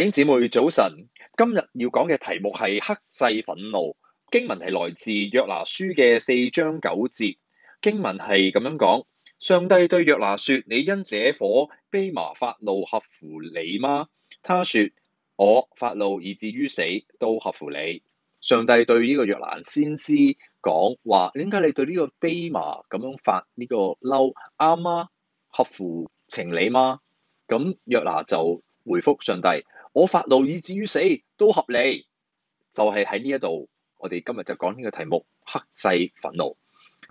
弟兄姊妹早晨，今日要講嘅題目係克制憤怒。經文係來自約拿書嘅四章九節。經文係咁樣講：，上帝對約拿說，你因這棵蓖麻發怒合乎你嗎？他說我發怒以至於死都合乎你。上帝對呢個約拿先知講話：，點解你對呢個蓖麻咁樣發呢個嬲啱嗎？合乎情理嗎？咁約拿就回覆上帝。我發怒以至於死都合理，就係喺呢一度，我哋今日就講呢個題目：克制憤怒。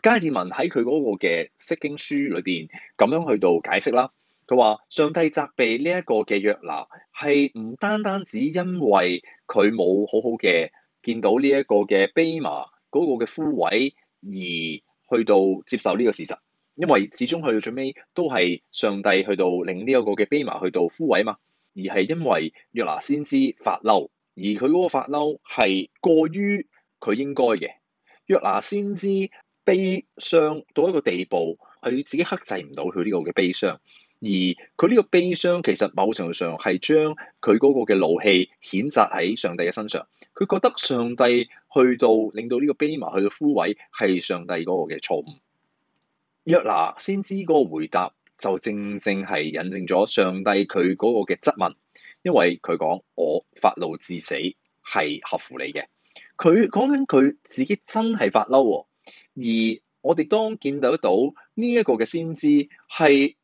加爾文喺佢嗰個嘅《釋經書》裡面裏邊咁樣去到解釋啦。佢話上帝責備呢一個嘅約拿係唔單單只因為佢冇好好嘅見到呢一個嘅蓖麻嗰個嘅枯萎而去到接受呢個事實，因為始終去到最尾都係上帝去到令呢一個嘅蓖麻去到枯萎嘛。而係因為約拿先知發嬲，而佢嗰個發嬲係過於佢應該嘅。約拿先知悲傷到一個地步，係自己克制唔到佢呢個嘅悲傷，而佢呢個悲傷其實某程度上係將佢嗰個嘅怒氣譴責喺上帝嘅身上。佢覺得上帝去到令到呢個蓖麻去到枯萎係上帝嗰個嘅錯誤。約拿先知嗰個回答，就正正係引證咗上帝佢嗰個嘅質問，因為佢講我發怒致死係合乎你嘅。佢講緊佢自己真係發嬲喎，而我哋當見到到呢一個嘅先知係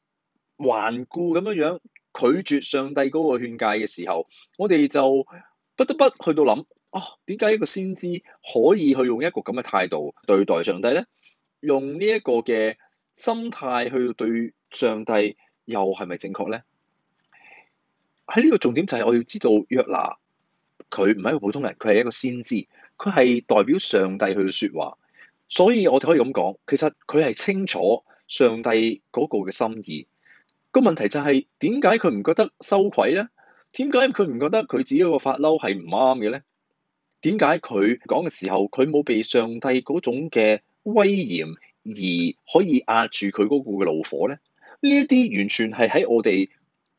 頑固咁樣樣拒絕上帝嗰個勸戒嘅時候，我哋就不得不去到諗，哦、啊，點解一個先知可以去用一個咁嘅態度對待上帝咧？用呢一個嘅心態去對。上帝又係咪正確咧？喺呢個重點就係我要知道約拿，佢唔係一個普通人，佢係一個先知，佢係代表上帝去説話，所以我哋可以咁講，其實佢係清楚上帝嗰個嘅心意。個問題就係點解佢唔覺得羞愧咧？點解佢唔覺得佢自己個發嬲係唔啱嘅咧？點解佢講嘅時候佢冇被上帝嗰種嘅威嚴而可以壓住佢嗰個嘅怒火咧？呢一啲完全係喺我哋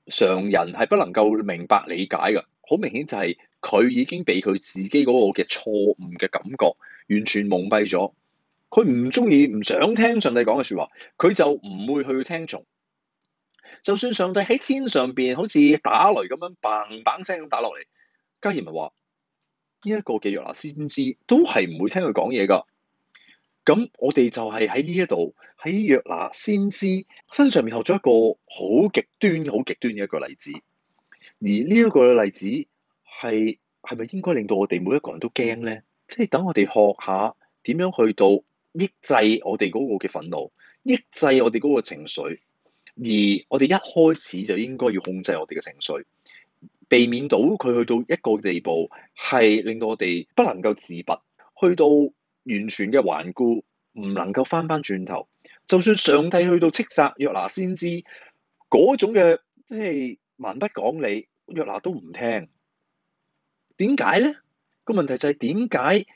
常人係不能夠明白理解噶，好明顯就係佢已經被佢自己嗰個嘅錯誤嘅感覺完全蒙蔽咗，佢唔中意唔想聽上帝講嘅說話，佢就唔會去聽從，就算上帝喺天上邊好似打雷咁樣嘭嘭聲咁打落嚟，加爾文話呢一個嘅約拿先知都係唔會聽佢講嘢噶。咁我哋就係喺呢一度喺約拿先知身上面學咗一個好極端、好極端嘅一個例子，而呢一個例子係係咪應該令到我哋每一個人都驚呢？即係等我哋學下點樣去到抑制我哋嗰個嘅憤怒，抑制我哋嗰個情緒，而我哋一開始就應該要控制我哋嘅情緒，避免到佢去到一個地步，係令到我哋不能夠自拔，去到。完全嘅頑固，唔能夠翻翻轉頭，就算上帝去到斥責約拿先知，嗰種嘅即係蠻不講理，約拿都唔聽。點解咧？個問題就係點解，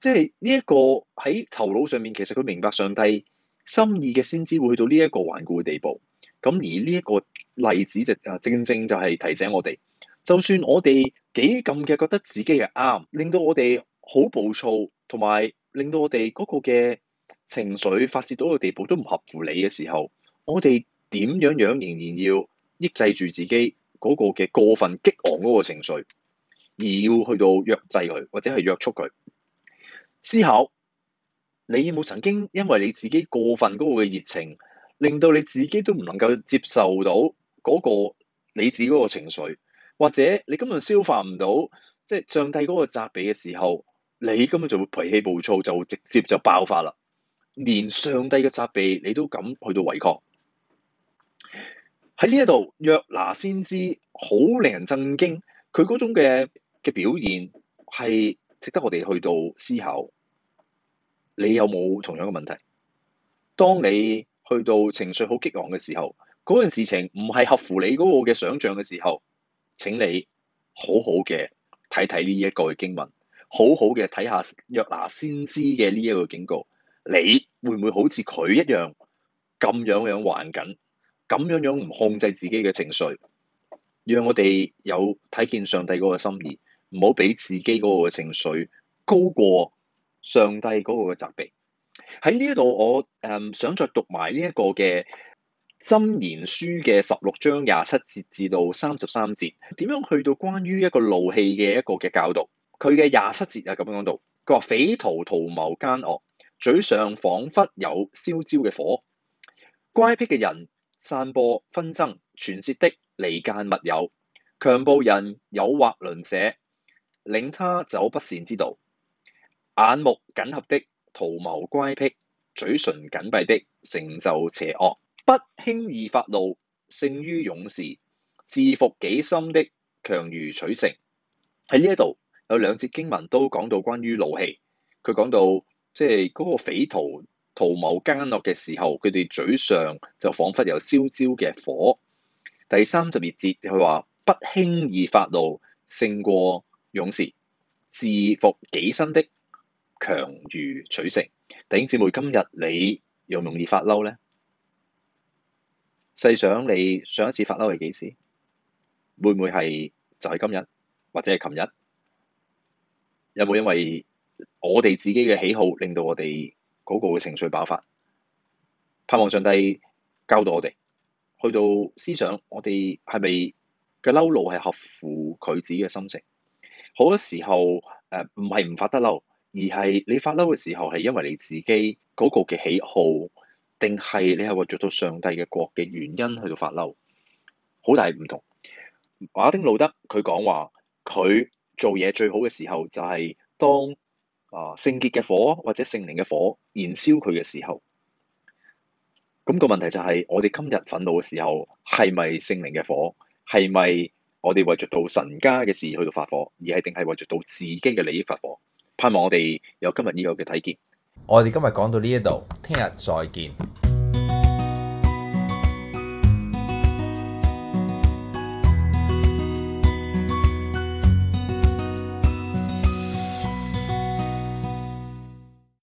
即係呢一個喺頭腦上面，其實佢明白上帝心意嘅先知會去到呢一個頑固嘅地步。咁而呢一個例子就啊，正正就係提醒我哋，就算我哋幾咁嘅覺得自己係啱，令到我哋好暴躁，同埋。令到我哋嗰個嘅情緒發洩到一個地步都唔合乎你嘅時候，我哋點樣樣仍然要抑制住自己嗰個嘅過分激昂嗰個情緒，而要去到約制佢或者係約束佢。思考，你有冇曾經因為你自己過分嗰個熱情，令到你自己都唔能夠接受到嗰個你自己嗰個情緒，或者你根本消化唔到，即係上帝嗰個責備嘅時候？你根本就會脾氣暴躁，就直接就爆發啦！連上帝嘅責備你都敢去到違抗喺呢一度。約拿先知好令人震驚，佢嗰種嘅嘅表現係值得我哋去到思考。你有冇同樣嘅問題？當你去到情緒好激昂嘅時候，嗰件事情唔係合乎你嗰個嘅想象嘅時候，請你好好嘅睇睇呢一個嘅經文。好好嘅睇下約拿先知嘅呢一個警告，你會唔會好似佢一樣咁樣樣患緊，咁樣樣唔控制自己嘅情緒，讓我哋有睇見上帝嗰個心意，唔好俾自己嗰個情緒高過上帝嗰個嘅責備。喺呢一度，我誒想再讀埋呢一個嘅箴言書嘅十六章廿七節至到三十三節，點樣去到關於一個怒氣嘅一個嘅教導。佢嘅廿七節啊，咁樣講到，佢話匪徒圖謀奸惡，惡，嘴上仿佛有燒焦嘅火，乖僻嘅人散播紛爭，傳舌的離間密友，強暴人誘惑鄰舍，令他走不善之道，眼目緊合的圖謀乖僻，嘴唇緊閉的成就邪惡，不輕易發怒勝於勇士，治服己心的強如取城。喺呢一度。有兩節經文都講到關於怒氣。佢講到即係嗰個匪徒圖謀奸惡嘅時候，佢哋嘴上就仿佛有燒焦嘅火。第三十二節佢話：不輕易發怒，勝過勇士；治服己心的，強如取城。弟兄姊妹，今日你容唔容易發嬲咧？細想你上一次發嬲係幾時？會唔會係就係今日，或者係琴日？有冇因為我哋自己嘅喜好，令到我哋嗰個嘅情緒爆發？盼望上帝教導我哋去到思想，我哋係咪嘅嬲怒係合乎佢自己嘅心情？好多時候誒，唔係唔發得嬲，而係你發嬲嘅時候係因為你自己嗰個嘅喜好，定係你係為咗到上帝嘅國嘅原因去到發嬲？好大唔同。馬丁路德佢講話佢，做嘢最好嘅時候就係當啊聖潔嘅火或者聖靈嘅火燃燒佢嘅時候，咁、那個問題就係、是、我哋今日憤怒嘅時候係咪聖靈嘅火？係咪我哋為着到神家嘅事去到發火，而係定係為着到自己嘅利益發火？盼望我哋有今日呢個嘅體見。我哋今日講到呢一度，聽日再見。